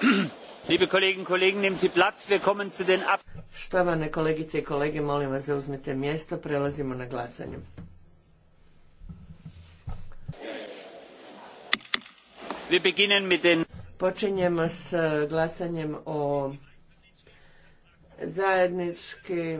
Liebe Kolleginnen und Kollegen, nehmen Sie Platz. Wir kommen zu den Štovane kolegice i kolege, molim vas zauzmite mjesto, prelazimo na glasanje. Wir beginnen mit den Počinjemo s glasanjem o zajedničkim